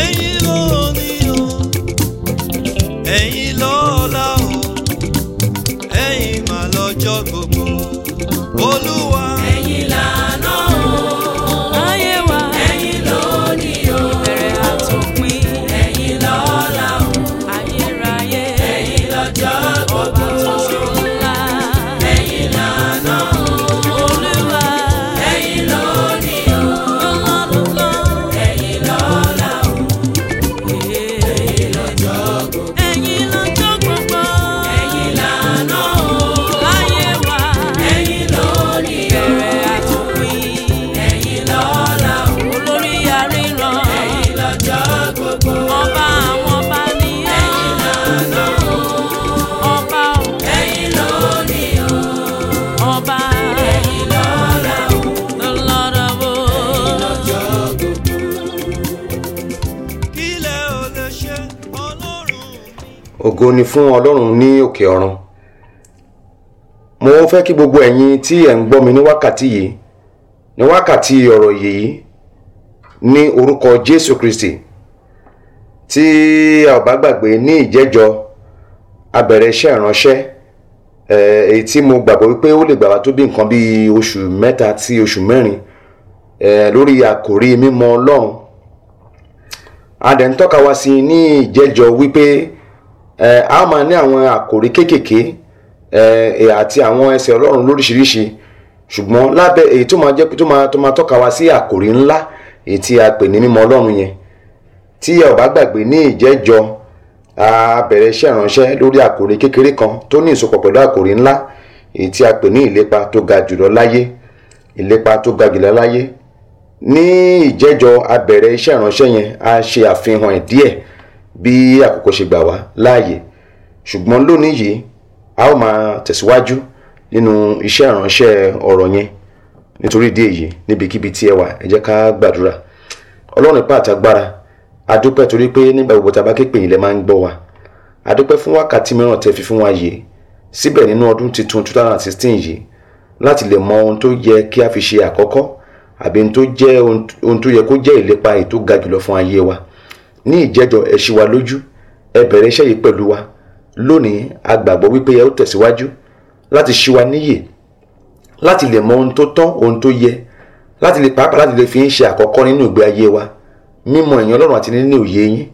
ẹ̀yin ló ní o ẹ̀yin lọ́la o ẹ̀yin mà lọ́jọ́ ògo ni fún ọlọ́run ní òkè ọ̀run mo fẹ́ kí gbogbo ẹ̀yin tí ẹ̀ ń gbọ́ mi ní wákàtí yìí ní wákàtí ọ̀rọ̀ yìí ní orúkọ Jésù Kristi tí a ò bá gbàgbé ní ìjẹ́jọ a bẹ̀rẹ̀ iṣẹ́ ìránṣẹ́ èyí tí mo gbàgbọ́ wípé ó lè gbà wá tó bí nǹkan bí oṣù mẹ́ta sí oṣù mẹ́rin lórí àkòrí mímọ̀ Ọlọ́run a dẹ̀ ń tọ́ka wá sí ní ìjẹ́jọ wípé a máa ní àwọn àkòrí kéékèèké àti àwọn ẹsẹ̀ ọlọ́run lóríṣiríṣi ṣùgbọ́n lábẹ́ èyí tó máa jẹ́ tó máa tó máa tọ́ka wa sí àkòrí ńlá èyí tí a pè ní mímọ̀ ọlọ́run yẹn tí ẹ gbàgbé ní ìjẹ́jọ́ a bẹ̀rẹ̀ iṣẹ́ ìránṣẹ́ lórí àkòrí kékeré kan tó ní ìsopọ̀ pẹ̀lú àkòrí ńlá èyí tí a pè ní ìlépa tó ga jùlọ láyé ìlépa tó ga jùlọ láyé ní ìjẹ́jọ́ a bẹ̀rẹ̀ iṣẹ́ ìránṣẹ́ yẹn a ṣe àfihàn ẹ̀ díẹ̀ bí àkókò ṣe gbà wá láàyè ṣùgbọ́n lónìí yìí a ó máa tẹ̀síwájú nínú iṣẹ́ ìránṣẹ́ ọ̀rọ̀ yẹn nítorí ìdí èyí níbikíbi tí ẹ wà ẹ jẹ́ ká gbàdúrà ọlọ́run ipá àtagbára adúpẹ́ torí pé nígbà gbogbo tá a bá képe yìí lẹ máa ń gbọ́ wa adúpẹ́ fún wákàtí mìíràn tẹ́ fi fún wa yìí síbẹ̀ nínú ọdún tuntun two yìí láti lè mọ ohun tó yẹ kí a fi ṣe àkọ́kọ́ àbí ohun tó yẹ kó jẹ́ ìlépa ètò ga jùlọ fún ayé wa ní ìjẹjọ ẹ ṣì wá lójú ẹ bẹ̀rẹ̀ iṣẹ́ yìí pẹ̀lú wa lónìí a gbàgbọ́ wípé ẹ ó tẹ̀síwájú láti ṣí wa níyè láti lè mọ ohun tó tọ́ ohun tó yẹ láti lè pàápàá láti lè fi ń ṣe àkọ́kọ́ nínú ìgbé ayé wa mímọ̀ ẹ̀yin Ọlọ́run àti nínú òye yín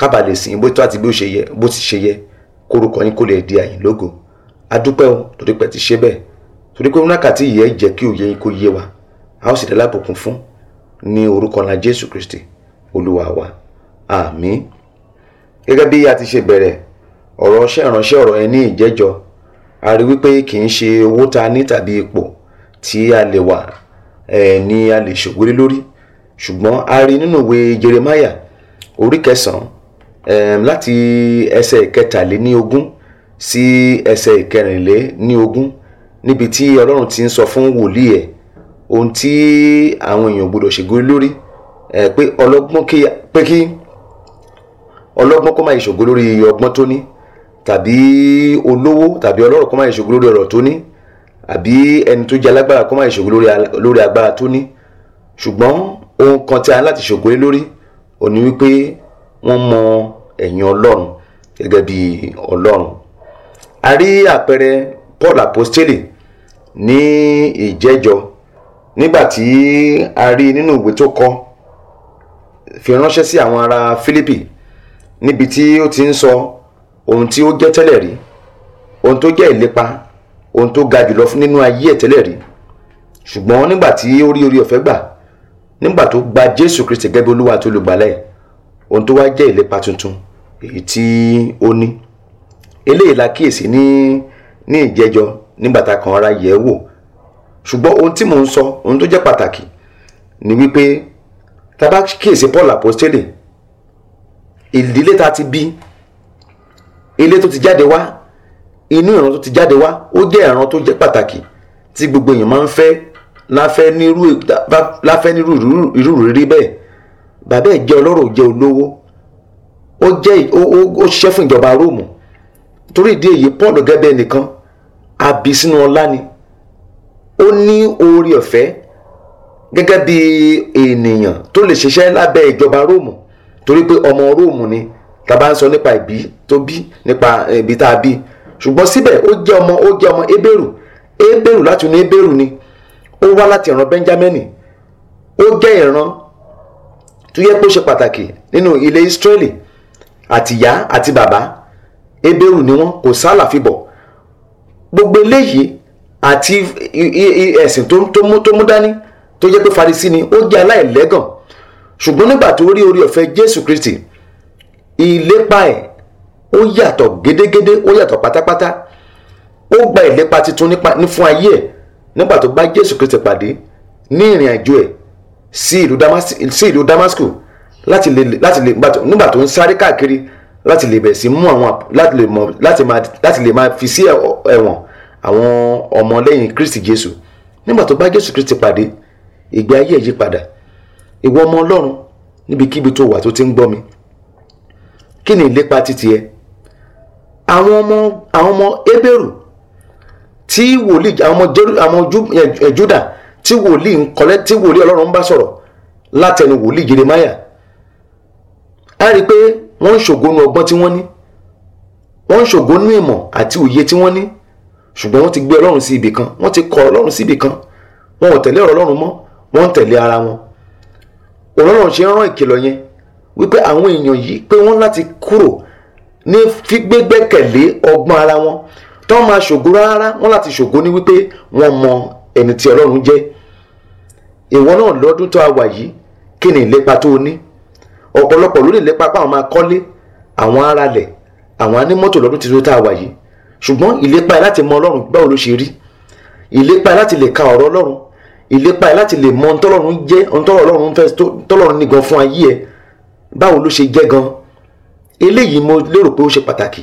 kábà lè sìn bó tó àti bí ó ṣe yẹ bó ti ṣe yẹ kórúkọ yín kó lè di àyìn lógo adúpẹ́ o torí pé ti ṣe bẹ́ẹ̀ torí pé wákàtí yìí ẹ jẹ́ kí òye yín kó yé wa a ó sì dá lábòkun fún ní orúkọ ńlá Jésù Kristi olúwa wa àmín gẹ́gẹ́ bí a ti ṣe bẹ̀rẹ̀ ọ̀rọ̀ ọṣẹ́ ìránṣẹ́ ọ̀rọ̀ ẹni ìjẹ́jọ a rí wípé kì í ṣe owó ta ní tàbí ipò tí a lè wà ni a lè ṣògbélé lórí ṣùgbọ́n a rí nínú ìwé Jeremáyà orí kẹsàn-án láti ẹsẹ̀ ìkẹtàléní ogún sí ẹsẹ̀ ìkẹrìnléní ogún níbi tí Ọlọ́run ti ń sọ fún wòlíì ẹ̀ ohun tí àwọn èèyàn gbọdọ̀ ṣègbè lórí pé ọlọ́gbọ́n pé kí ọlọ́gbọ́n kó máa ṣògo lórí ọgbọ́n tó ní tàbí olówó tàbí ọlọ́rọ̀ kó máa ṣògo lórí ọ̀rọ̀ tó ní àbí ẹni tó jẹ alágbára kó máa ṣògo lórí agbára tó ní ṣùgbọ́n ohun kan tí a láti ṣògo lé lórí ò ní wípé wọ́n mọ ẹ̀yìn ọlọ́run gẹ́gẹ́ bí ọlọ́run a rí àpẹẹrẹ Paul apostoli ní ìjẹ́jọ́ nígbàtí a rí nínú ìwé tó kọ fi ránṣẹ́ sí àwọn ará Fílípì níbi tí ó ti ń sọ ohun tí ó jẹ́ tẹ́lẹ̀ rí ohun tó jẹ́ ìlépa ohun tó ga jùlọ nínú ayé ẹ̀ tẹ́lẹ̀ rí ṣùgbọ́n nígbà tí ó rí orí ọ̀fẹ́ gbà nígbà tó gba Jésù Kristi gẹ́gẹ́ bí Olúwa àti olùgbàlà ẹ̀ ohun tó wá jẹ́ ìlépa tuntun èyí tí ó ní eléyìí la kíyèsí ní ní ìjẹjọ nígbà tá a kàn ara yẹ̀ wò ṣùgbọ́n ohun tí mò ń sọ ohun tó jẹ́ pàtàkì ni wípé tá Paul apostole ìdílé ta ti bí ilé tó ti jáde wá inú ìran tó ti jáde wá ó jẹ́ ìran tó jẹ́ pàtàkì tí gbogbo èèyàn máa ń fẹ́ láfẹ́ nírú láfẹ́ nírú irú rírí bẹ́ẹ̀ bàbá ẹ̀ jẹ́ ọlọ́rọ̀ jẹ́ olówó ó jẹ́ ó ṣiṣẹ́ fún ìjọba róòmù torí ìdí èyí Paul gẹ́gẹ́ nìkan àbí sínú ọlá ni ó ní oore ọ̀fẹ́ gẹ́gẹ́ bí ènìyàn tó lè ṣiṣẹ́ lábẹ́ ìjọba róòmù torí pé ọmọ róòmù ni tá a bá ń sọ nípa ìbí tó bí nípa ìbí eh, tá a bí ṣùgbọ́n síbẹ̀ ó jẹ́ ọmọ ó jẹ́ ọmọ ebéèrù ebéèrù láti inú ebéèrù ni ó wá láti ìran benjamin ó jẹ́ ìran tó yẹ pé ó ṣe pàtàkì nínú ilé israeli àtìyá àti bàbá ebéèrù ni wọ́n kò sálà fi bọ̀ gbogbo eléyìí àti ẹ̀sìn tó mú dání tó jẹ́ pé farisi ni ó jẹ́ aláìlẹ́gàn ṣùgbọ́n nígbà tó rí orí ọ̀fẹ́ Jésù Kristi ìlépa ẹ̀ ó yàtọ̀ gédégédé ó yàtọ̀ pátápátá ó gba ìlépa tuntun ní fún ayé ẹ̀ nígbà tó bá Jésù Kristi pàdé ní ìrìn àjò ẹ̀ sí ìlú Damascus láti lè láti lè nígbà tó ń sáré káàkiri láti lè bẹ̀rẹ̀ sí mú àwọn láti lè mọ̀ láti lè máa fi sí ẹ̀wọ̀n àwọn ọmọlẹ́yìn Kristi Jésù nígbà tó bá Jésù Kristi pàdé ìgbé ayé yí padà ìwọ ọmọ ọlọ́run níbikíbi tó wà tó ti ń gbọ́ mi kí ni ìlépa títí ẹ àwọn ọmọ àwọn ọmọ ebèrú tí wòlíì àwọn ọmọ àwọn juda tí wòlíì ń kọlẹ tí wòlíì ọlọ́run bá sọ̀rọ̀ látẹnu wòlíì jeremaya a rí i pé wọ́n ń ṣògonú ọgbọ́n tí wọ́n ní wọ́n ń ṣògonú ìmọ̀ àti òye tí wọ́n ní ṣùgbọ́n wọ́n ti gbé ọlọ́run sí ibì kan wọ́n ti kọ ọlọ́run sí ibì kan wọn ò tẹ̀lé ọ̀rọ̀ ọlọ́run mọ́ wọ́n ń tẹ̀lé ara wọn òun náà ṣe ń rán ìkìlọ̀ yẹn wípé àwọn èèyàn yìí pé wọ́n láti kúrò ní gbígbẹ́kẹ̀lé ọgbọ́n ara wọn tí wọ́n máa ṣògo rárá wọ́n láti ṣògo ní wípé wọ́n mọ ẹni tí ọlọ́run jẹ́ ìwọ náà lọ́dún tó a wà yìí kí ni ìlépa tó o ní ọ̀pọ̀lọpọ̀ ló lè lépa pé àwọn máa kọ́lé àwọn aralẹ̀ àwọn anímọ́tò lọ́dún tuntun tá a wà yìí ṣùgbọ́n ìlépa láti mọ ọlọ́run báwo ló ṣe rí ìlépa láti lè ka ọ̀rọ̀ ọlọ́run ìlépa ẹ láti lè mọ ohun tọ́lọ́run jẹ́ ohun tọ́lọ́run fẹ́ tọ́lọ́run ní gan fún ayé ẹ báwo ló ṣe jẹ́ gan eléyìí mo lérò pé ó ṣe pàtàkì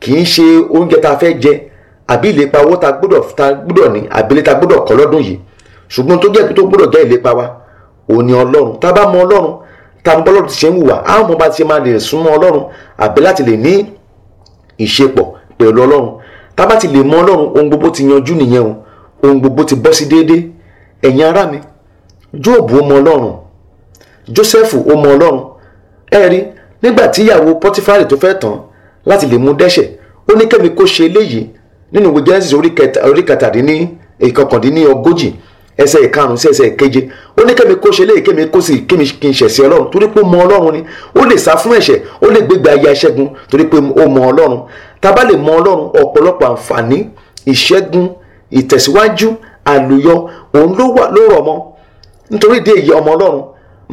kì í ṣe oúnjẹ tá a fẹ́ jẹ àbí ìlépa owó tá a gbọ́dọ̀ tá a gbọ́dọ̀ ní àbí ilé tá a gbọ́dọ̀ kọ́ lọ́dún yìí ṣùgbọ́n tó jẹ́ pé tó gbọ́dọ̀ jẹ́ ìlépa wa òní ọlọ́run tá a bá mọ ọlọ́run tá a mọ ọlọ́run ti ṣe ń hùwà á mọ bá ti ṣe máa lè súnmọ́ ọlọ́run àbí láti lè ní ìṣepọ̀ pẹ̀lú ọlọ́run tá a bá ti lè mọ ọlọ́run ohun gbogbo ti yanjú nìyẹn o ohun gbogbo ti bọ́ sí déédéé ẹ̀yin ará mi jóòbù ọmọ ọlọ́run jósẹ́fù ọmọ ọlọ́run ẹ rí nígbà tí ìyàwó pọtifari tó fẹ́ tán láti lè mú dẹ́ṣẹ̀ ó ní kẹ́mi kó ṣe eléyìí nínú ìwé genesis orí kẹtàdínní ìkọkàndínní ogójì ẹsẹ̀ ìkarùn sí ẹsẹ̀ ìkeje ó ní kẹ́mi kó ṣe eléyìí kẹ́mi kó sì kẹ́mi kí n ṣẹ̀sìn ọlọ́run torí pé ó mọ ọlọ́run ni ó lè sá fún ẹ̀ṣẹ̀ ó lè gbégbé ayé aṣẹ́gun torí pé ó mọ ọlọ́run tá a bá lè mọ ọlọ́run ọ̀pọ̀lọpọ̀ àǹfààní ìṣẹ́gun ìtẹ̀síwájú àlùyọ òun ló wà ló rọ̀ mọ́ nítorí ìdí èyí ọmọ ọlọ́run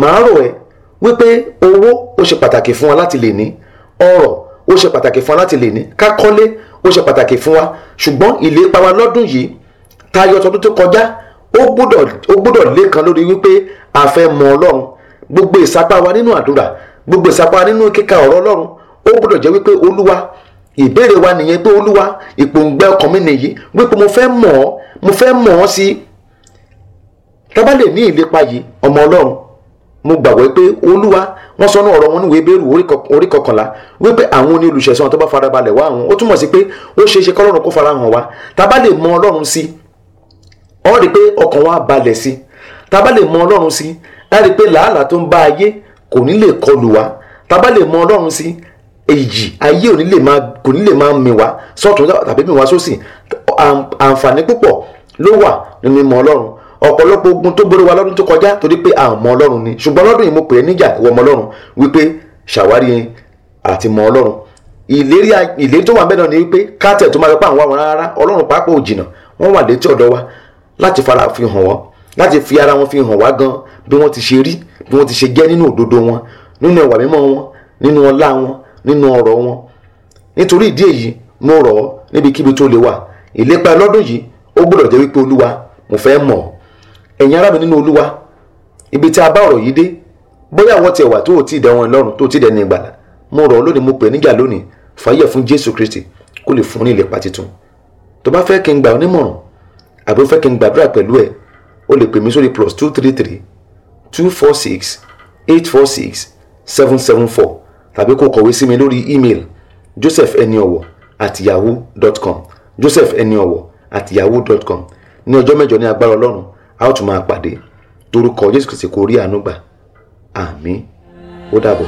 màá rọ̀ ẹ́ wípé owó ó ṣe pàtàkì fún wa láti lè ní ọrọ̀ ó ṣe pàtàkì fún wa láti lè ní ká kọ́lé ó ṣe pàtàkì fún wa ṣùgbọ́n ìlépa wa lọ́dún yìí tayọ tọdún tó kọjá ó gbọ́dọ̀ lékan lórí wípé a fẹ́ mọ ọlọ́run gbogbo ìsapá wa nínú àdúrà gbogbo ìsapá nínú kíka ọ̀rọ̀ ọlọ́run ó gbọ́dọ̀ jẹ́ wípé olúwa ìbéèrè wa nìyẹn pé olúwa ìpòǹgbẹ ọkàn mi nìyí wípé mo fẹ́ mọ̀ ọ́ mo fẹ́ mọ̀ ọ́ sí i tábà lè ní ìlépa yìí ọmọ ọlọ́run mo gbàgbọ́ pé olúwa wọ́n sọ náà ọ̀rọ̀ wọn níwèé bẹ́ẹ̀rù orí kọkànlá wípé àwọn ní tó bá farabalẹ̀ wá àwọn ó túmọ̀ sí pé ó ṣeé ṣe kọ́lọ́run kó farahàn wa tábà lè mọ̀ ọlọ́run sí ọ́ rí i pé ọkàn wa balẹ̀ sí tábà lè mọ̀ ọlọ́run sí ẹ́ rí i pé làálàá tó ń bá ayé kò ní lè kọlù wa tábà lè mọ̀ ọlọ́run sí èyí ayé ò ní lè máa kò ní lè máa mi wá sọ́ọ̀tún tàbí mi wá sósì àǹfààní púpọ̀ ló wà nínú ìmọ̀ ọlọ́run ọ̀pọ̀lọpọ̀ ogun tó borí wa lọ́dún tó kọjá torí pé a ọlọ́run ni ṣùgbọ́n lọ́dún yìí mo pè é níjà ìwọ ọmọ ọlọ́run wípé ṣàwárí àti mọ ọlọ́run ìlérí tó wà bẹ́ẹ̀ náà ni wípé káàtẹ̀ tó máa fẹ́ pa àwọn àwọn rárá ọlọ́run pàápàá òjìnà wọ́n wà létí ọ̀dọ̀ wa láti fara fi hàn wọ́n láti fi ara wọn fi hàn wá gan bí wọ́n ti ṣe rí bí wọ́n ti ṣe jẹ́ nínú òdodo wọn nínú ẹwà mímọ́ wọn nínú ọlá wọn nínú ọ̀rọ̀ wọn nítorí ìdí èyí mo rọ̀ ọ́ níbikíbi tó lè wà ìlépa lọ́dún yìí ó gbọ́dọ̀ jẹ́ wípé olúwa mo fẹ́ mọ̀ ọ́ ẹ̀yin ará mi nínú olúwa ibi tí a bá ọ̀rọ̀ yìí dé bóyá àwọn tiẹ̀ wà tó ò tí ì dẹ̀wọ̀n lọ́rùn tó ò tí ì dẹ̀ni ìgbàlà mo rọ̀ ọ́ lónìí mo pè níjà lónìí fàyè fún jésù kristi kó lè fún ní ìlépa tuntun tó bá fẹ́ kí n gbà ọ́ nímọ̀ràn àbí ó fẹ́ kí n gbàdúrà pẹ̀lú ẹ̀ o lè pè mí sórí plus two three three two four six eight four six seven seven four tàbí kó kọ̀wé sí mi lórí email joseph eniowo at yahoo dot com joseph eniowo at yahoo dot com ní ọjọ́ mẹ́jọ ní agbára ọlọ́run a ó tún máa pàdé torúkọ jésù kìsìkò rí àánú gbà àmín ó dàbọ̀.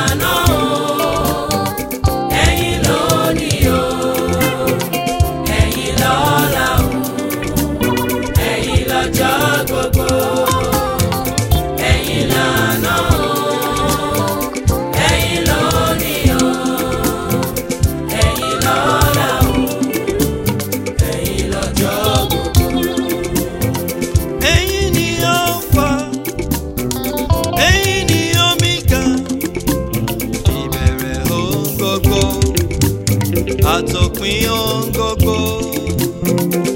góńgógó.